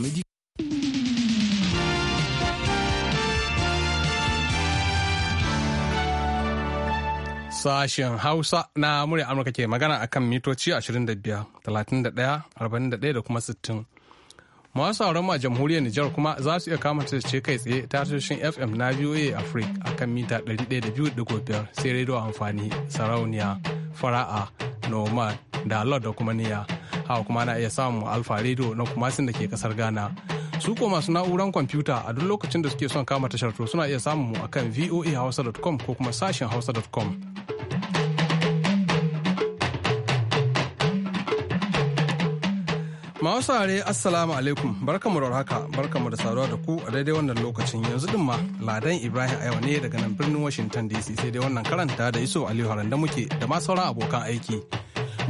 midi Sashen Hausa na murya Amurka ke magana a kan mitoci 25, 31, 41 da kuma 60. Masu sauran a jamhuriyar Nijar kuma za su iya kama ce kai tsaye ta tashoshin FM na VOA Africa a kan mita 102.5 sai rediyo amfani sarauniya, fara'a, noma, da da kuma niya. haka kuma na iya samun alfa radio na kumasin da ke kasar ghana su ko masu na'uran kwamfuta a duk lokacin da suke son kama tashar to suna iya samun mu akan voahausa.com ko kuma sashen hausa.com saurare Assalamu alaikum barkamu da haka barkamu da saduwa da ku a daidai wannan lokacin yanzu din ma Ladan Ibrahim a ne daga nan birnin Washington DC sai dai wannan karanta da iso Aliyu Haran da muke da ma sauran abokan aiki.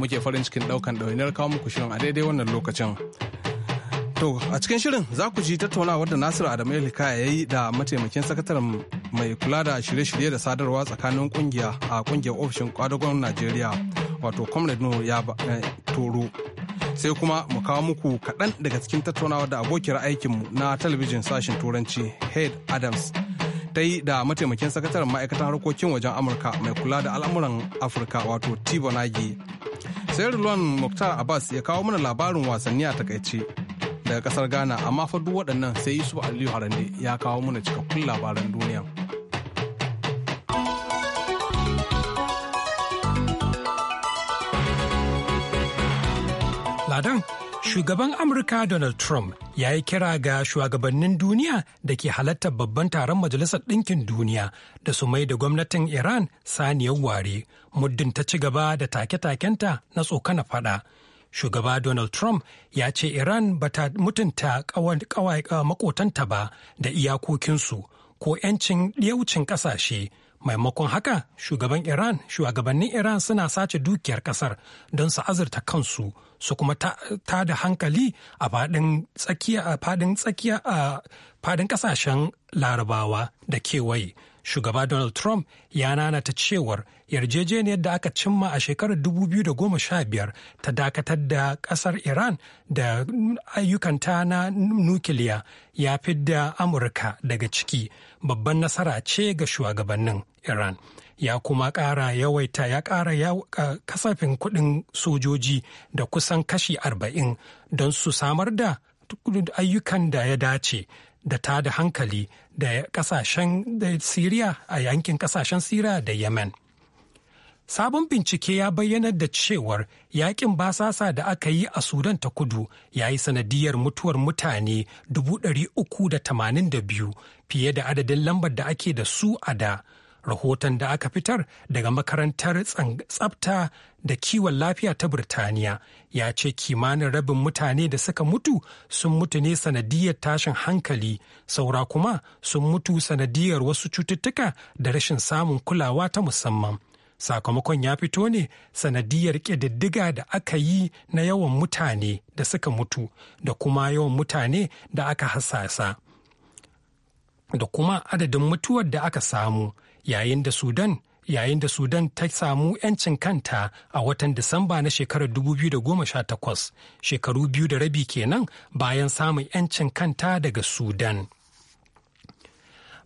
muke farin cikin daukan ɗawainiyar kawo muku shirin a daidai wannan lokacin. To a cikin shirin za ku ji tattaunawar da Nasiru Adamu Elika ya yi da mataimakin sakataren mai kula da shirye-shirye da sadarwa tsakanin kungiya a kungiyar ofishin kwadagon Najeriya wato Comrade Nuhu ya eh, toro. Sai kuma mu kawo muku kaɗan daga cikin tattaunawar da abokiyar aikinmu na talabijin sashen turanci Head Adams ta yi da mataimakin sakataren ma'aikatan harkokin wajen Amurka mai kula da al'amuran Afirka wato Tibo Nagy sai Rulwan Muktar Abbas ya kawo mana labarin wasanni a takaice daga kasar Ghana amma fa duk waɗannan sai Yusuf Aliyu Harande ya kawo mana cikakkun labaran duniya. Ladan Shugaban Amurka Donald Trump ya yi kira ga shugabannin duniya da ke halartar babban taron Majalisar Ɗinkin Duniya da su mai da gwamnatin Iran saniyar ware, muddin ta ci gaba da take-takenta na tsokana fada. Shugaba Donald Trump ya ce Iran ba ta mutunta makotanta ba da iyakokinsu ko 'yancin ɗiyaucin ƙasashe. maimakon haka shugaban iran shugabannin iran suna sace dukiyar kasar don su azurta kansu su kuma ta da hankali a fadin tsakiya a fadin kasashen larabawa da kewaye shugaba Donald Trump ya nanata cewar yarjejeniyar da aka cimma a shekarar 2015 ta dakatar da kasar Iran da ayyukanta na nukiliya ya da Amurka daga ciki babban nasara ce ga shugabannin Iran. Ya kuma ƙara yawaita ya ƙara kasafin kuɗin sojoji da kusan kashi 40 don su samar da ayyukan da ya dace da ta da hankali da kasashen da Siriya a yankin kasashen Siriya da Yemen. Sabon bincike ya bayyanar da cewar yakin basasa da aka yi a Sudan ta kudu ya yi sanadiyar mutuwar mutane 382 fiye da adadin lambar da ake da su a da. rahoton da aka fitar daga makarantar tsafta da kiwon lafiya ta Birtaniya ya ce kimanin rabin mutane da suka mutu sun mutu ne sanadiyar tashin hankali saura kuma sun mutu sanadiyar wasu cututtuka da rashin samun kulawa ta musamman. Sakamakon ya fito ne sanadiyar ƙididdiga da aka yi na yawan mutane da suka mutu da kuma yawan mutane da aka hasasa. Da kuma adadin mutuwar da aka samu yayin da Sudan yayin da Sudan ta samu 'yancin kanta a watan Disamba na shekarar 2018 shekaru biyu da rabi kenan bayan samun 'yancin kanta daga Sudan.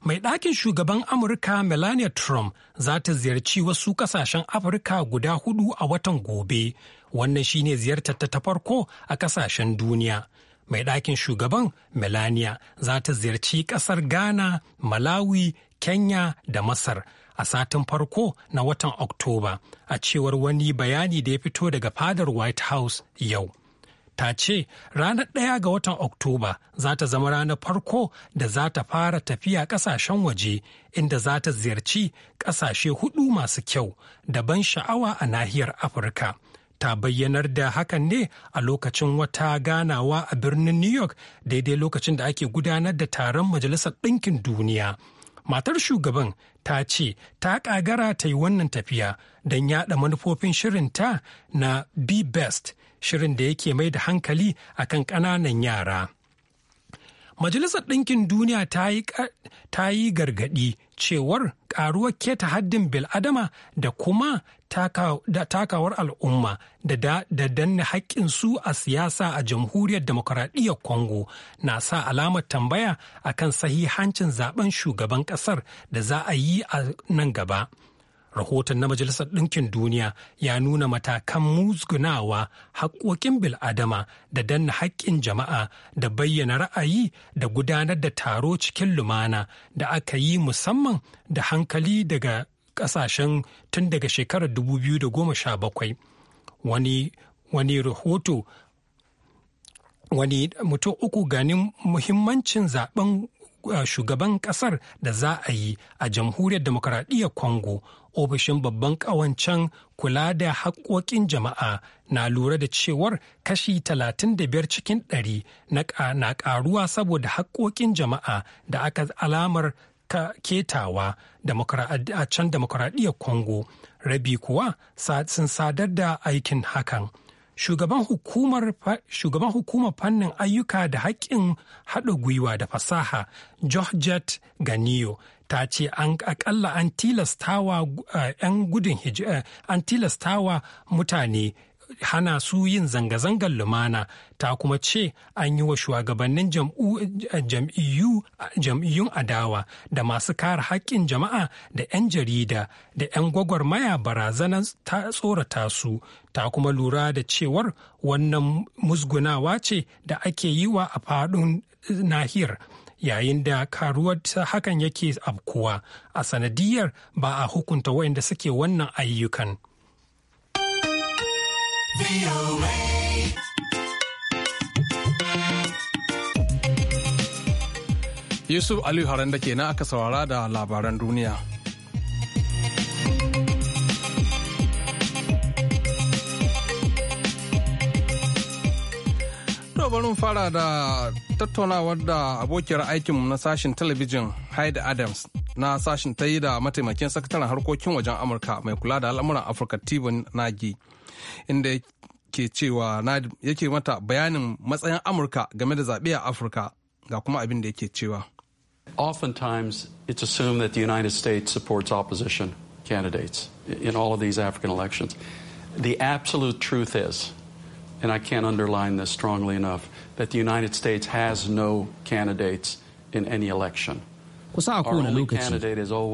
Mai ɗakin shugaban Amurka Melania Trump za ta ziyarci wasu ƙasashen Afirka guda hudu a watan gobe. Wannan shine ziyartar ta farko a ƙasashen duniya. mai ɗakin shugaban melania za ta ziyarci ƙasar ghana malawi kenya da masar a satin farko na watan oktoba a cewar wani bayani da ya fito daga fadar white house yau ta ce ranar ɗaya ga watan oktoba za ta zama ranar farko da za ta fara tafiya ƙasashen waje inda za ta ziyarci ƙasashe hudu masu kyau da ban sha'awa a nahiyar afirka ta bayyanar da hakan ne a lokacin wata ganawa a birnin New York daidai lokacin da ake gudanar da taron Majalisar Ɗinkin Duniya. Matar shugaban ta ce ta ƙagara ta yi wannan tafiya don yaɗa manufofin shirinta na Be Best, shirin da yake mai da hankali akan ƙananan yara. Majalisar Ɗinkin Duniya ta yi gargaɗi cewar ƙaruwar keta haddin bil'adama da kuma takawar al'umma da danne su a siyasa a jamhuriyar demokuraɗiyyar congo na sa alamar tambaya a kan sahihancin zaben shugaban ƙasar da za a yi a nan gaba rahoton na majalisar ɗinkin duniya ya nuna matakan musgunawa haƙoƙin bil'adama da danna haƙƙin jama'a da bayyana ra'ayi da gudanar da taro cikin lumana da aka yi musamman da hankali daga kasashen tun daga shekarar 2017 wani wani rahoto wani mutum uku ganin muhimmancin zaben uh, shugaban kasar da za a yi a jamhuriyar demokaradiyyar kongo ofishin babban kawancen kula da haƙoƙin jama'a na lura da cewar kashi 35 cikin 100 na ƙaruwa saboda haƙoƙin jama'a da aka alamar ka ketawa a can demokuraɗiyyar Congo, rabi kuwa sun sadar da aikin hakan. Shugaban hukumar fannin ayyuka da haƙƙin haɗa gwiwa da fasaha, Georgette Ganiyo, ta ce an akalla an tilastawa 'yan gudun an tilastawa mutane hana su yin zanga-zangar lumana ta kuma ce an yi wa shugabannin jam'iyyun adawa da masu kare haƙƙin jama'a da 'yan jarida da 'yan gwagwarmaya barazanar ta tsorata su ta kuma lura da cewar wannan musgunawa ce da ake yi wa a faɗin nahiyar yayin da karuwar hakan yake abkuwa a sanadiyar ba a hukunta waɗanda suke wannan ayyukan. Yusuf Aliyu Haran da kenan aka saurara da labaran duniya. bari fara da tattaunawar da abokiyar aikinmu na sashen talabijin Hyde Adams na sashen ta yi da mataimakin sakataren harkokin wajen Amurka mai kula da al'amuran Afirka Tibin Nagi. inda ke cewa yake mata bayanin matsayin amurka game da zaɓe a afirka ga kuma abin da yake cewa oftentimes it's assumed that the united states supports opposition candidates in all of these african elections the absolute truth is and i can't underline this strongly enough that the united states has no candidates in any election kusa a kowane lokaci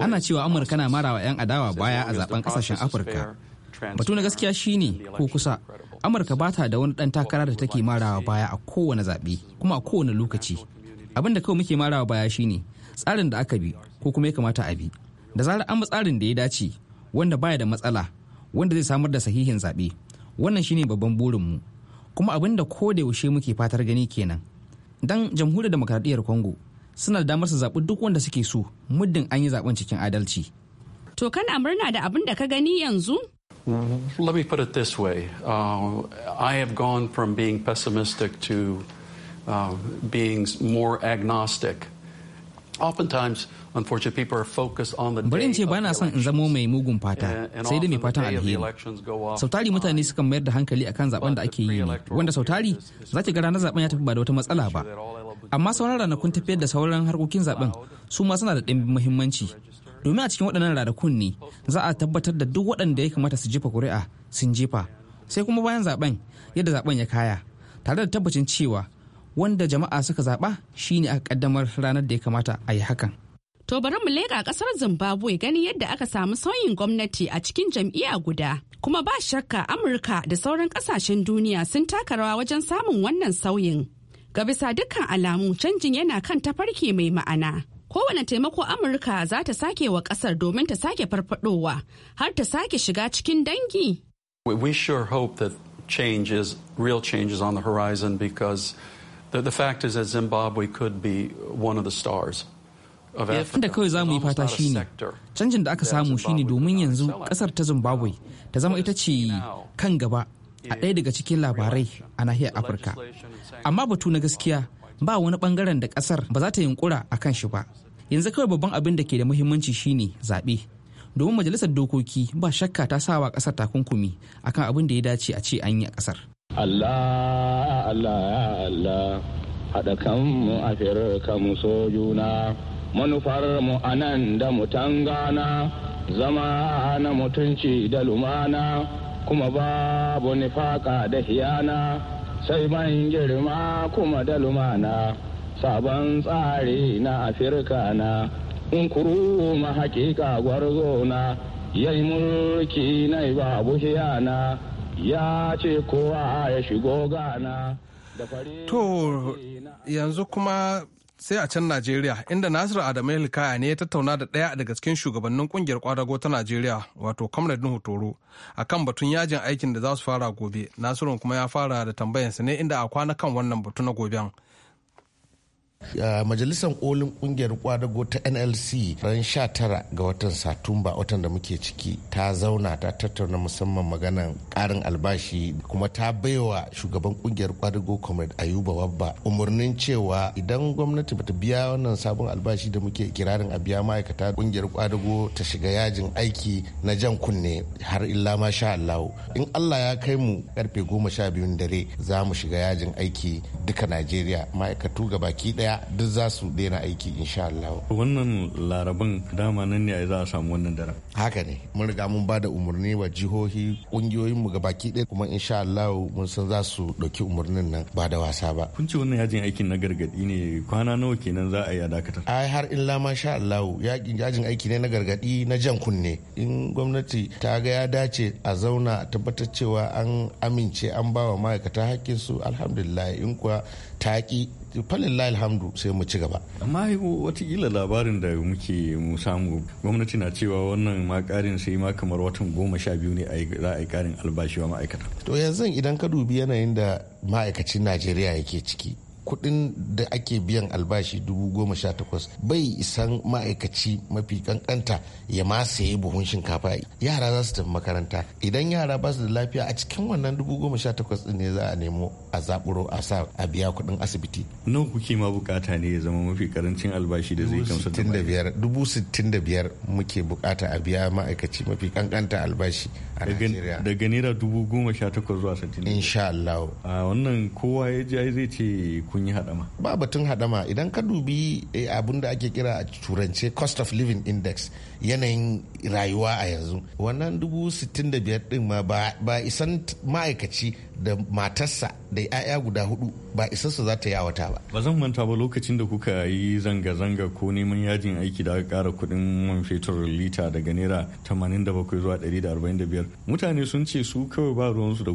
ana cewa amurka na marawa 'yan adawa baya a zaben kasashen afirka batu na gaskiya shine ko kusa amurka ba ta da wani dan takara da take marawa baya a kowane zaɓe kuma a kowane lokaci abin da kawai muke marawa baya shine tsarin da aka bi ko kuma ya kamata a bi da zarar an tsarin da ya dace wanda baya da matsala wanda zai samar da sahihin zaɓe wannan shine babban burinmu kuma abin da ko da yaushe muke fatar gani kenan dan jamhuriyar demokradiyyar congo suna da damar su zaɓi duk wanda suke so muddin an yi zaɓen cikin adalci to kana murna da abin da ka gani yanzu Let me put it this way uh, I have gone from being pessimistic to uh, being more agnostic. Oftentimes, unfortunately, people Barin ce ba na son in zamo mai mugun fata sai dai mai fatan alheri. Sautari mutane sukan mayar da hankali akan zaben da ake yi wanda sautari za ki ga ranar zaben ya tafi ba da wata matsala ba. Amma sauran ranakun tafiyar da sauran harkokin zaben su ma suna da ɗimbin muhimmanci domin a cikin waɗannan ranakun ne za a tabbatar da duk waɗanda ya kamata su jefa ƙuri'a sun jefa sai kuma bayan zaben yadda zaben ya kaya tare da tabbacin cewa wanda jama'a suka zaɓa shine aka kaddamar ranar da ya kamata a yi hakan To bari mu leƙa ƙasar Zimbabwe gani yadda aka samu sauyin gwamnati a cikin jam'iyya guda. Kuma ba shakka Amurka da sauran ƙasashen duniya sun taka rawa wajen samun wannan sauyin. Ga bisa dukkan alamu canjin yana kan tafarki mai ma'ana. kowane taimako amurka za ta sake wa kasar domin ta sake farfadowa har ta sake shiga cikin dangi we sure hope that real on the horizon because be one stars eh, da kawai za mu yi fata shine canjin da aka samu shine domin yanzu kasar ta zimbabwe ta zama ita ce kan gaba a ɗaya daga cikin labarai a nahiyar afirka amma batu na gaskiya ba wani bangaren da kasar ba za ta yunkura a kan shi ba yanzu kawai babban abin da ke da muhimmanci shine zaɓe domin majalisar dokoki ba shakka ta sawa kasar takunkumi akan abin da ya dace a ce an yi a kasar Allah Allah ya Allah haɗa mu a kanmu so juna manufar mu anan da mu tangana zama na mutunci da lumana kuma babu nifaka da hiyana sai ban girma kuma da lumana sabon tsari na afirka na kunkuru ma hakika gwarzo na yayi mulki na ba na ya ce kowa ya shigo gana To yanzu kuma sai a can Najeriya inda Nasiru Adamu Hilkaya ne ya tattauna da ɗaya daga cikin shugabannin kungiyar kwadago ta Najeriya wato Comrade Nuhu Toro kan batun yajin aikin da za su fara gobe. Nasiru kuma ya fara da tambayansa ne inda a kwana kan wannan batu na goben. majalisar kolin kungiyar kwadago ta nlc ran 19 ga watan satumba watan da muke ciki ta zauna ta tattauna musamman maganan karin albashi kuma ta baiwa shugaban kungiyar kwadago comrade ayuba wabba umarnin cewa idan gwamnati bata biya wannan sabon albashi da muke kirarin a biya ma'aikata kungiyar kwadago ta shiga yajin aiki na jan kunne har illa ma sha allahu in allah ya kai mu karfe goma sha biyun dare za mu shiga yajin aiki duka najeriya ma'aikatu gabaki daya daya duk za su daina aiki insha Allah. Wannan larabin dama nan ne za a samu wannan daren. Haka ne mun riga mun ba da umarni wa jihohi kungiyoyin mu gabaki ɗaya kuma insha Allah mun san za su ɗauki umarnin nan ba da wasa ba. Kun ce wannan yajin aikin na gargaɗi ne kwana nawa kenan za a yi a dakatar. Ai har in ma sha Allah yajin aiki ne na gargaɗi na jan kunne in gwamnati ta ga ya dace a zauna a tabbatar cewa an amince an ba wa ma'aikata su alhamdulillah in kuwa ta ki falillahi alhamdu sai mu ci gaba amma watakila labarin da muke mu samu gwamnati na cewa wannan makarin karin sai ma kamar watan goma sha biyu ne za a yi karin albashi wa ma'aikata to yanzu idan ka dubi yanayin da ma'aikacin najeriya yake ciki kuɗin da ake biyan albashi dubu goma sha takwas bai isan ma'aikaci mafi kankanta ya ma sayi buhun shinkafa yara za su tafi makaranta idan yara ba su da lafiya a cikin wannan dubu goma sha takwas ne za a nemo a zaburo a sa a biya kuɗin asibiti. nawa kuke ma bukata ne ya zama mafi karancin albashi da zai kamsa da biyar dubu sittin da biyar muke bukata a biya ma'aikaci mafi kankanta albashi a Najeriya. daga naira dubu goma sha takwas zuwa sittin. insha Allah. wannan kowa ya ji zai ce kun yi hadama ba batun hadama idan ka dubi eh, abin da ake kira a turance cost of living index yanayin rayuwa a yanzu wannan dubu sittin da biyar din ma ba isan ma'aikaci da matarsa da 'ya'ya guda hudu ba su za ta yi a ba ba zan manta ba lokacin da kuka yi zanga-zanga ko neman yajin aiki da aka kara kudin man fetur lita daga naira 87 zuwa 145 mutane sun ce su kawai ba su da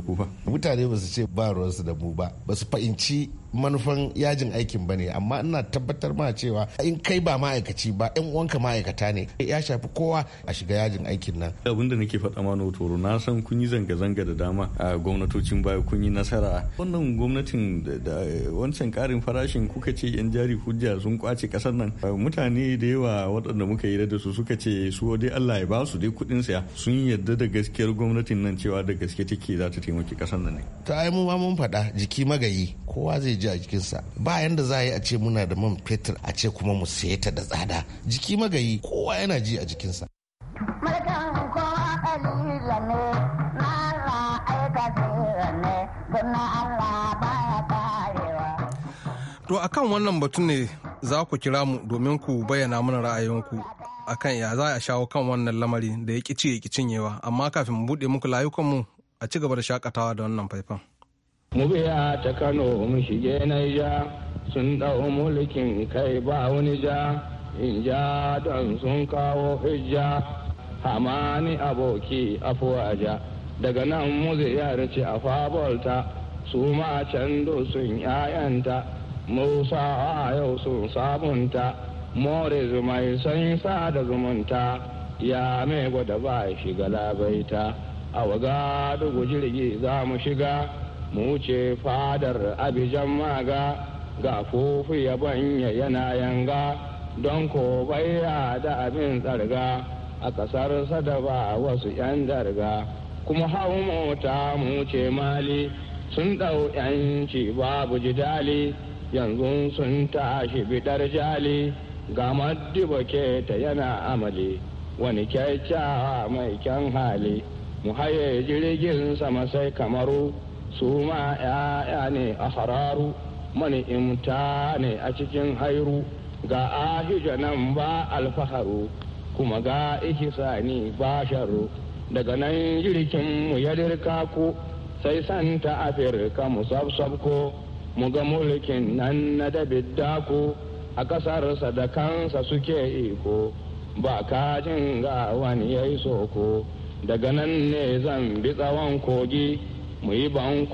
mutane ba su ce ba ruwansu da mu ba ba su fahimci manufan yajin aikin ba ne amma ina tabbatar ma cewa in kai ba ma'aikaci ba 'yan uwanka ma'aikata ne ya shafi kowa a shiga yajin aikin nan abin da nake faɗa ma toro na san kun yi zanga-zanga da dama a gwamnatocin baya kun yi nasara wannan gwamnatin da wancan karin farashin kuka ce yan jari hujja sun kwace kasar nan mutane da yawa waɗanda muka yi da su suka ce su dai Allah ya ba su dai kuɗin saya sun yarda da gaskiyar gwamnatin nan cewa da gaske take za ta taimaki kasar nan ne ta ai mu ma mun faɗa jiki magayi kowa zai ji a jikinsa ba yanda za a yi a ce muna da man fetur a ce kuma mu sayeta ta da tsada jiki magayi kowa yana ji a jikinsa To a kan wannan batu ne za ku kira mu domin ku bayyana mana ra'ayinku kan ya za a shawo kan wannan lamari da ya ƙici ya cinyewa amma kafin mu buɗe muku layukanmu a ci gaba da shakatawa da wannan faifan. Mu biya ta Kano mu shige Naija sun ɗau mulkin kai ba wani ja inja don sun kawo hijja hamani aboki afuwaja daga nan muze ya ce a fabolta su ma can sun yayanta musa a yau sun sabunta more mai san sa da zumunta ya mai gwada ba shiga labaita a waga dugu jirgi za mu shiga mu ce fadar abijan maga ga fufu ya banya yana yanga don ko bai da abin tsarga a ƙasar ba wasu 'yan darga kuma hau mota mu ce mali sun ɗau 'yanci babu jidali yanzu sun tashi bidar jali ga maddiba ta yana amali wani kyakkyawa mai kyan hali mu haye jirgin sama sai kamaru su ma 'ya'ya ne a hararu mani imta ne a cikin hairu ga ahija nan ba alfaharu kuma ga ihisani ba sharu daga nan jirgin mu ya dirka ku sai santa afirka mu sabsabko mu ga mulkin nan na da ku a ƙasarsa da kansa suke iko ba kajin ga wani ya yi soko daga nan ne zan bi tsawon kogi mu yi ban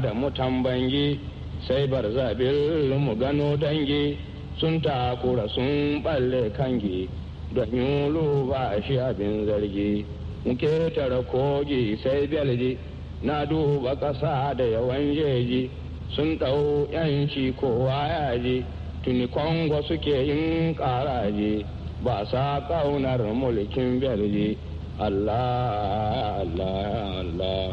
da mutan bangi sai barzabil mu gano dangi sun takura sun balle kangi don yulu ba shi abin zargi muke tara kogi sai belji na duba kasa da yawan jeji sun ɗau yanci kowa yaji tuni kongo suke yin ƙaraji ba sa ƙaunar mulkin belji allah allah allah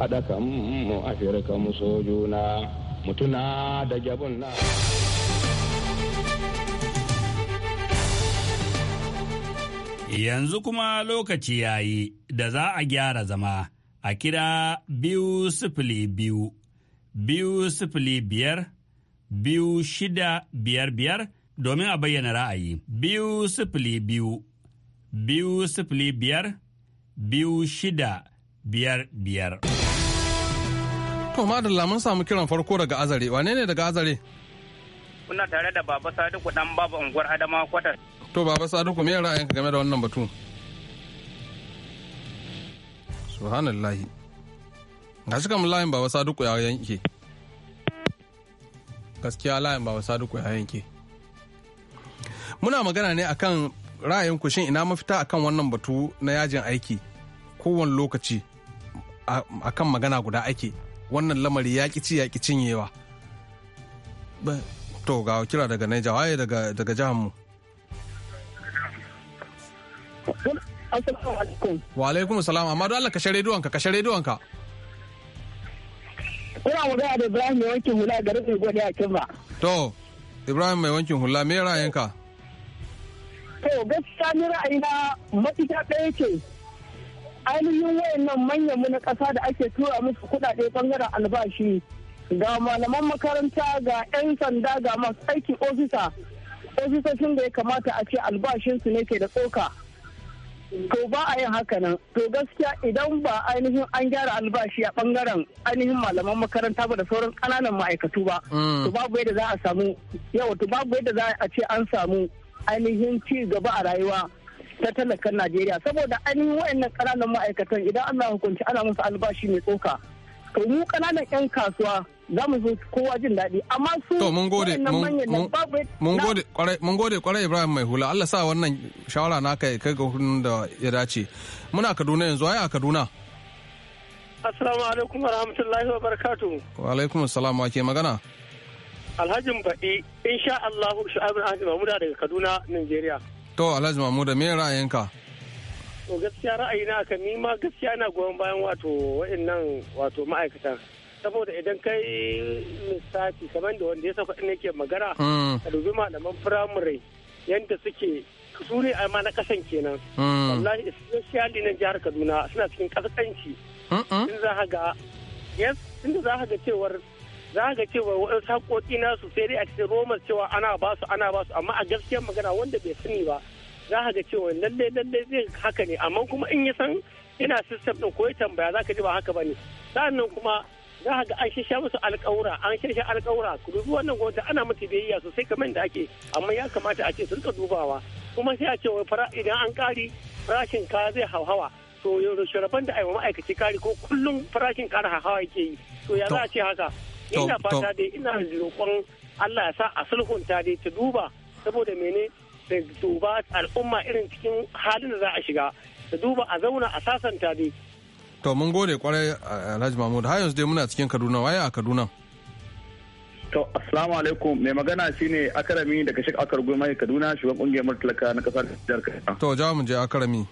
haɗa kan mu afirka mu sojuna mutuna da jabun na Yanzu kuma lokaci ya yi da za a gyara zama a kira biyu sifili biyu, biyu sifili biyar, biyu shida biyar biyar domin a bayyana ra'ayi. Biyu sifili biyu, biyu sifili biyar, biyu shida biyar biyar. To madalla mun samu kiran farko daga azare, wane ne daga azare? Kuna tare da Baba Sadiku ɗan babu unguwar Adama Kwatar. to baba saduku me ra'ayinka game da wannan batu subhanallahi ga shi kamar layin baba saduku ya yanke gaskiya layin baba saduku ya yanke muna magana ne akan ra'ayin shin ina mafita akan wannan batu na yajin aiki kowane lokaci akan magana guda ake wannan lamari ya ci ya cinyewa to ga kira daga naija waye daga jihar mu Assalamu alaikum. Wa alaikum salam amma don Allah ka share rediyon ka share rediyon ka. Kuna magana da Ibrahim mai wankin hula rufe gwani a Kimba. To Ibrahim mai wankin hula me ra'ayinka? To gaskiya ni ra'ayina mafita ɗaya ce ainihin wayannan manyan mu na ƙasa da ake tura musu kuɗaɗe bangaren albashi ga malaman makaranta ga 'yan sanda ga masu aiki ofisa ofisoshin da ya kamata a ce albashinsu ne ke da tsoka. to ba a yin haka nan to gaskiya idan ba ainihin an gyara albashi a bangaren ainihin malaman makaranta ba da sauran kananan ma'aikatu ba to mm. babu yadda za a samu yau to babu yadda za a ce an samu ainihin ci gaba a rayuwa ta talakan Najeriya saboda ainihin wayannan kananan ma'aikatan idan Allah hukunci ana musu albashi mai tsoka kai mu kananan 'yan kasuwa za mu zo kowa jin daɗi amma su to mun gode mun gode kwarai mun gode kwarai Ibrahim mai hula Allah sa wannan shawara naka ya kai ga hudun da ya dace muna Kaduna yanzu ai a Kaduna Assalamu alaikum warahmatullahi wabarakatuh wa alaikum assalam wa ke magana Alhaji Baɗi insha Allah Shu'aib Ahmed Mamuda daga Kaduna Nigeria to Alhaji Mamuda me ra'ayinka to gaskiya ra'ayina kan ni ma gaskiya na goyon bayan wato wa'annan wato ma'aikata saboda idan kai lissafi kamar da wanda ya sauka ina ke magana mm. a dubi malaman firamare yadda suke su ne a na kasan kenan mm. wallahi especially na jihar kaduna suna cikin kaskanci in za ka ga yes za ga cewar za ga cewa waɗansu haƙoƙi nasu sai dai a cikin romar cewa ana basu ana basu amma a gaskiyar magana wanda bai sani ba za ka ga cewa lalle lalle zai haka ne amma kuma in ya san ina system din ko ya tambaya za ka ji ba haka bane sa'annan kuma za ka ga an shisha musu alƙawura an shisha alƙawura ku dubi wannan gwamnati ana mata biyayya sosai kamar da ake amma ya kamata a ce su rika dubawa kuma sai a ce fara idan an ƙari farashin kaya zai hauhawa to yaushe rabon da aiwa ma'aikaci kari ko kullum farashin kara hauhawa yake yi to ya za a ce haka ina fata dai ina roƙon Allah ya sa a sulhunta dai ta duba saboda mene sai duba al'umma irin cikin halin da za a shiga da duba a zauna a sasanta dai to mun gode kwarai alhaji mahmud har yanzu dai muna cikin kaduna waye a kaduna to assalamu alaikum mai magana shine akarami daga sheikh akar goma kaduna shugaban kungiyar murtalaka na kasar jihar kaduna to jawo mu je akarami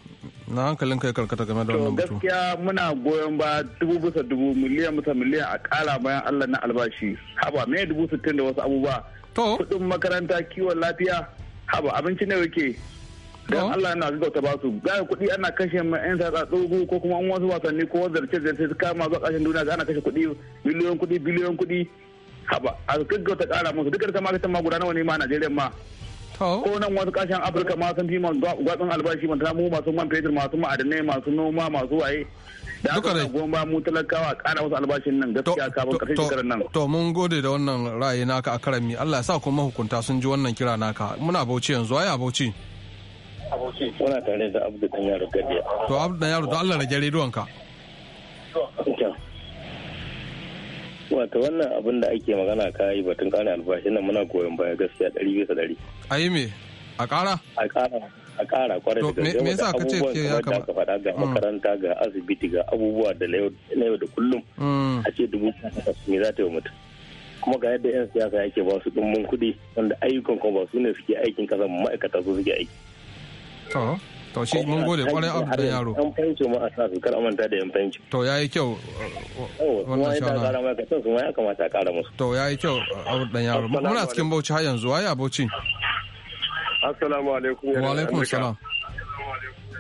na hankalin kai karkata game da wannan batu gaskiya muna goyon ba dubu bisa dubu miliyan bisa miliyan a kala bayan Allah na albashi haba me dubu sittin da wasu abubuwa to kudin makaranta kiwon lafiya haba abinci ne wake don Allah yana zuwa ba su ga kuɗi ana kashe ma yan tsatsa tsogo ko kuma an wasu wasanni ko zarce zarce su kama zuwa kashin duniya ga ana kashe kuɗi biliyon kuɗi biliyon kuɗi haba a gaggauta ƙara musu dukkan kama ta ma guda nawa ne ma a Najeriya ma ko nan wasu kasashen afirka ma sun fi gwatsun albashi manta mu masu man fetur masu ma'adanai masu noma masu waye da aka da goma ba mu talakawa kara wasu albashin nan gaskiya kafin karshen shekarar nan to mun gode da wannan ra'ayi naka a karami Allah ya sa kuma hukunta sun ji wannan kira naka muna bauchi yanzu ai bauchi muna tare da Abdu dan yaro gadiya to Abdu dan yaro don Allah rage rediyonka Wato wannan abin da ake magana ka yi batun kane albashi nan muna goyon baya gaskiya ɗari bisa ɗari. A yi me? A ƙara? A ƙara. a ƙara kwarai da gaske me yasa ka ce ke ya kama ka faɗa ga mm. makaranta ga asibiti ga abubuwa da na yau da kullum mm. a ce dubu me za ta yi mutum kuma ga yadda yan siyasa yake ba su ɗumbin kuɗi wanda ayyukan kuma ba su ne suke aikin ƙasa ma'aikata su suke aiki. to shi mun gode kwarai abu da yaro an fahimci ma a sa su kar amanta da yan fahimci to yayi kyau uh, uh, wannan shawara kuma ka san su ma ya kamata a kara musu to yayi kyau uh, abu da yaro muna cikin Bauchi har yanzu waye abocin assalamu alaikum wa alaikum assalam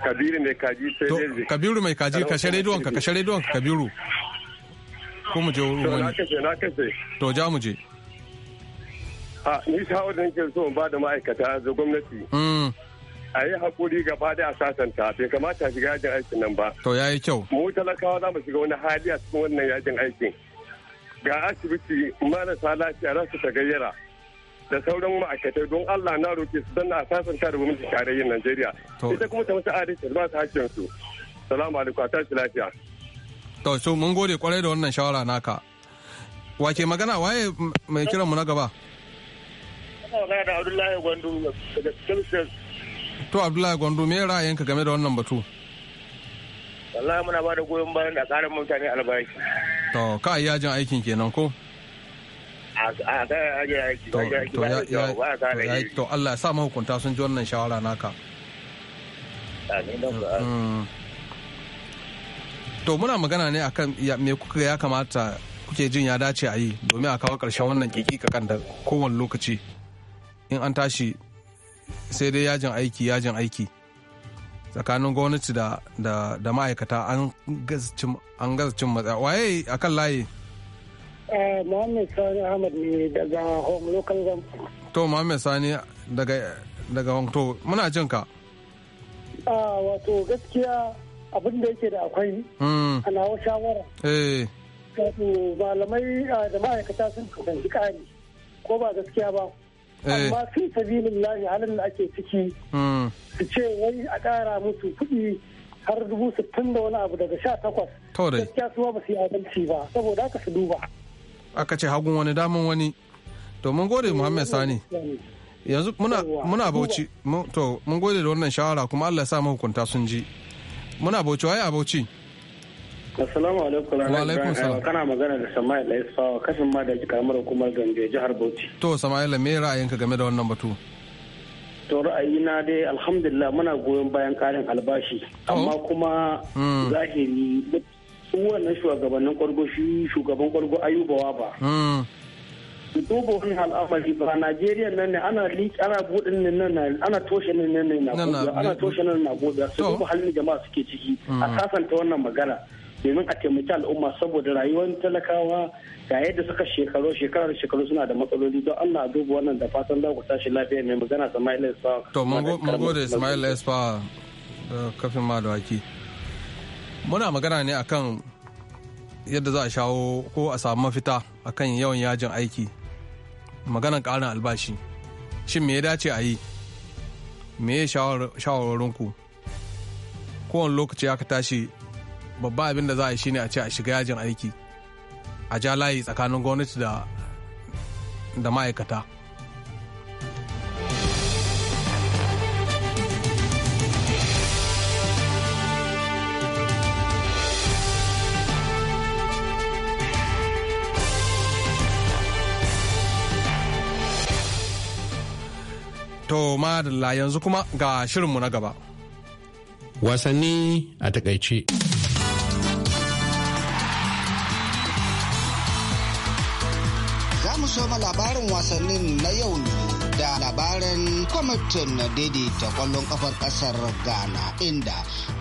kabiru mai kaji sai dai kabiru mai kaji ka share don ka share don kabiru ko mu je wurin wani to ja mu je a ni shawarar da nake so in ba da ma'aikata ga gwamnati mm. a yi hakuri gaba da a sasanta bai kamata shiga yajin aikin nan ba. To ya yi kyau. Mu talakawa za mu shiga wani hali a cikin wannan yajin aikin. Ga asibiti marasa lafiya za su ta gayyara da sauran ma'aikatai don Allah na roƙe su don a sasanta da gwamnati tarayyar Najeriya. Ita kuma ta musu adalci ba su hakkin su. Salamu alaikum a tashi lafiya. To so mun gode kwarai da wannan shawara naka. Wake magana waye mai kiran mu na gaba? Ina magana da Abdullahi Gwandu daga Kilsis To Abdullahi Gwando me ra'ayinka game da wannan batu? Wallahi muna ba da goyon bayan da karin mutane albashi. To ka yi yajin aikin kenan ko? To Allah ya sa mahukunta sun ji wannan shawara naka. To muna magana ne akan me kuka ya kamata kuke jin ya dace a yi domin a kawo ƙarshen wannan kiki ka kan da kowane lokaci in an tashi sai dai yajin aiki yajin aiki tsakanin gwamnati da da ma'aikata an an gazcin matsa waye a kan layi eh, Muhammad Sani Ahmad ne daga home Local Government. To Muhammad Sani daga daga to muna jin ka. Ah, wato gaskiya abin da yake da akwai hmm. a nawa shawara. Eh. Wato malamai ah, da ma'aikata sun kusanci kari ko ba gaskiya ba. Eh. amma fi sabilin lahi halin da ake ciki hmm. su ce wai a ƙara musu kuɗi har dubu sittin da wani abu daga sha takwas gaskiya su ba su yi adalci ba saboda aka su duba aka ce hagun wani damun wani to mun gode eh, muhammed sani yanzu muna muna bauchi to mun gode da wannan shawara kuma allah ya sa mahukunta sun ji muna bauchi waye a bauchi Assalamu alaikum. Wa alaikum salam. Kana magana da Sama'il Isfawa kasan ma da kika mara hukumar Gombe jihar Bauchi. To Sama'il me ra'ayinka game da wannan batu? To ra'ayina dai alhamdulillah muna goyon bayan karin albashi oh. amma kuma hmm. zahiri wannan shugabannin kwargo shi shugaban kwargo ayubawa ba. Hmm. duba wani al'amari ba Najeriya nan ne ana liƙi ana buɗin nan nan ana toshe nan nan na gobe ana toshe nan na gobe su duba halin jama'a suke ciki a hmm. sasanta wannan magana domin a taimaki al'umma saboda rayuwar talakawa ga yadda suka shekaru shekarar shekaru suna da matsaloli don Allah duba wannan da fatan za ku tashi lafiya mai magana Ismail Esfawa. To mun gode Ismail kafin ma da Muna magana ne akan yadda za a shawo ko a samu mafita akan yawan yajin aiki maganan ƙarin albashi shin me ya dace a yi me ya shawarwarinku kowane lokaci aka tashi babba abin da za a yi shine a ce a shiga yajin aiki a ja layi tsakanin gwamnati da da ma'aikata To madalla yanzu kuma ga shirinmu na gaba. Wasanni a takaice. soma labarin wasannin na yau ne da Labarin kwamitin daidaita kwallon kafar kasar ghana inda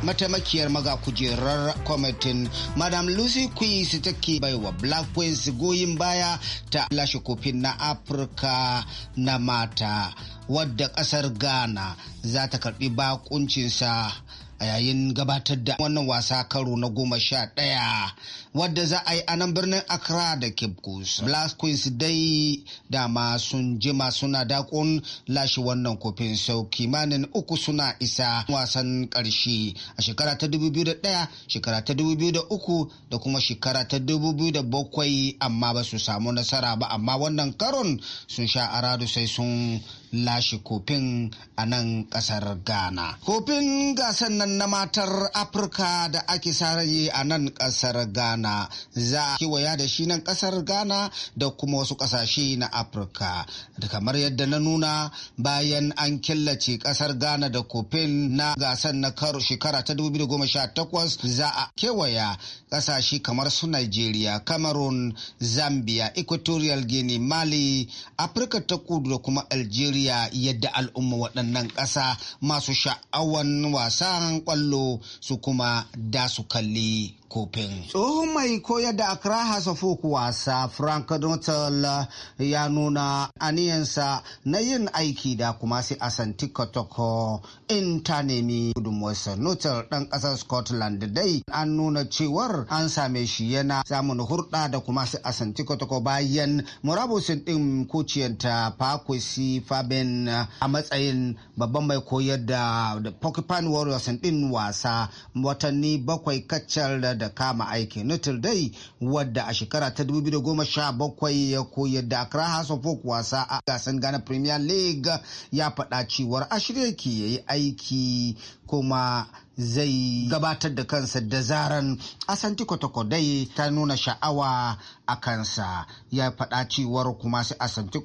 matamakiyar maga kujerar kwamitin madam lucy queens take baiwa black queens goyin baya ta lashe kofin na afirka na mata wadda kasar ghana za ta karbi bakuncinsa a yayin gabatar da wannan wasa karo na goma sha ɗaya wadda za a yi a nan birnin accra da cape coast black queens dai dama sun jima suna dakon lashe wannan kofin sau kimanin uku suna isa wasan karshe a shekara ta 2001 shekara ta 2003 da kuma shekara ta 2007 amma ba su samu nasara ba amma wannan karon sun sha aradu sai sun lashe kofin a nan kasar ghana kofin gasan nan na matar afirka da ake sarari a nan kasar ghana ghana za a kewaya da shi nan kasar ghana da kuma wasu kasashe na afirka kamar yadda na nuna bayan an killace kasar ghana da kofin na gasar na karo shekara ta 2018 za a kewaya kasashe kamar su nigeria cameroon zambia equatorial guinea mali afirka ta kudu da kuma algeria yadda al'umma waɗannan ƙasa masu sha'awan wasan kwallo su kuma da su kalli kofin. Tsohon mai koyar da Accra House wasa Frank Dotel ya nuna aniyansa na yin aiki da kuma sai Asanti Kotoko in ta nemi gudunmuwarsa. Notel ɗan ƙasar Scotland dai an nuna cewar an same shi yana samun hurɗa da kuma sai Asanti Kotoko bayan murabusin ɗin kuciyanta Fakwesi Fabin a matsayin babban mai koyar da Porcupine Warriors ɗin wasa watanni bakwai kacal da da kama aikin na dai wadda a shekara ta 2017 ya koyar da Accra House of wasa a gasan Ghana Premier League ya faɗa cewar a ke yayi aiki kuma zai gabatar da kansa da zaran asanti dai ta nuna sha'awa a kansa ya faɗa cewar kuma sai asanti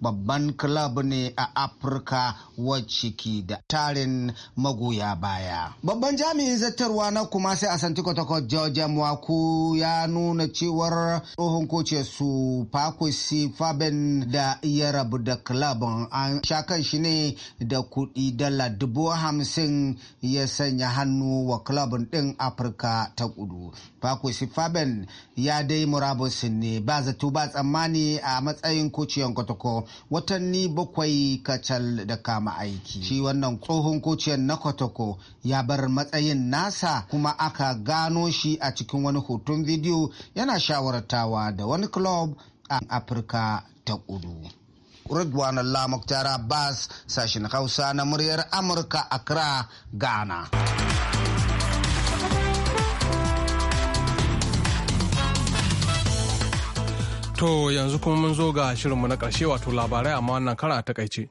babban club ne a afirka wacce ke da tarin magoya baya babban jami'in zattarwa na kuma sai asanti kwatako george mwaku ya nuna cewar tsohon koce su pakwisi faben da iya rabu da club an sha kan shi ne da kuɗi dala dubu hamsin ya sanya sanya hannu wa kulabun ɗin afirka ta kudu paco sifaben ya dai murabusin ne ba zato ba tsammani a matsayin kociyan kotoko watanni bakwai kacal da kama aiki shi wannan tsohon kociyan na kotoko ya bar matsayin nasa kuma aka gano shi a cikin wani hoton bidiyo yana shawartawa da wani club a afirka ta kudu Ridwan Allah Muktar Abbas sashen Hausa na muryar Amurka Accra, Ghana. To yanzu kuma mun zo ga shirinmu na ƙarshe wato labarai amma wannan kara a takaice.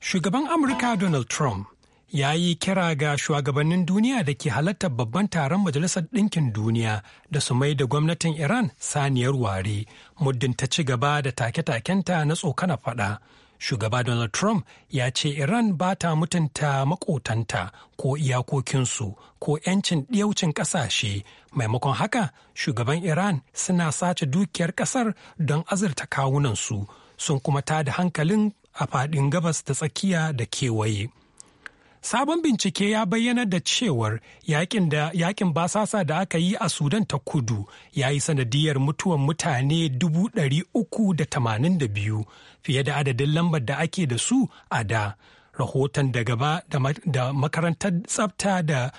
Shugaban Amurka Donald Trump ya yi kira ga shugabannin duniya da ke halartar babban taron Majalisar Ɗinkin Duniya da su mai da gwamnatin Iran saniyar ware, muddin ta ci gaba da take-takenta na tsokana faɗa. Shugaba Donald Trump ya ce Iran ba ta mutunta makotanta ko iyakokinsu ko 'yancin ɗiyaucin ƙasashe. Maimakon haka, shugaban Iran suna sace dukiyar ƙasar don azurta kawunansu, sun kuma ta da hankalin a faɗin gabas da tsakiya da kewaye. Sabon bincike ya bayyana da cewar yakin basasa da aka yi a Sudan ta kudu ya yi sanadiyar mutuwan mutane 382 fiye da adadin lambar da ake da su a da. Rahoton da gaba da makarantar tsabta da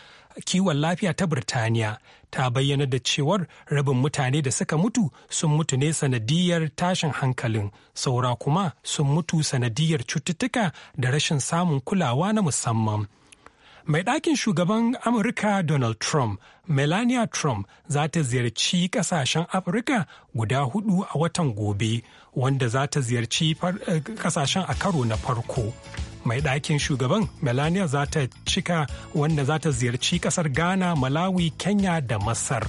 kiwon lafiya ta Birtaniya ta bayyana da cewar rabin mutane da suka mutu sun mutu ne sanadiyar tashin hankalin saura kuma sun mutu sanadiyar cututtuka da rashin samun kulawa na musamman. Mai ɗakin shugaban Amurka Donald Trump, Melania Trump za ta ziyarci ƙasashen Afirka guda hudu a watan gobe, wanda za ta ziyarci ƙasashen a karo na farko. mai ɗakin shugaban melania za ta cika wanda za ta ziyarci kasar ghana malawi kenya da masar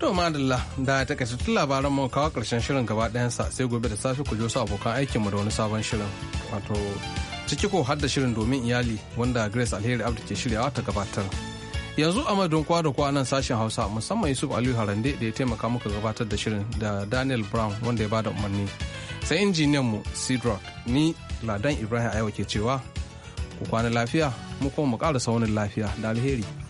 To madalla da takaitattun labaran mu kawo karshen shirin gaba sa sai gobe da safe ku su abokan mu da wani sabon shirin wato ciki ko har da shirin domin iyali wanda Grace Alheri Abdu ke shiryawa ta gabatar. Yanzu a madon kwa da kwa nan sashen Hausa musamman Yusuf Aliyu Harande da ya taimaka muka gabatar da shirin da Daniel Brown wanda ya bada umarni. Sai injiniyan mu Sidrock ni Ladan Ibrahim yau ke cewa, ku kwana lafiya, mu kuma mu ƙara saunin lafiya da alheri.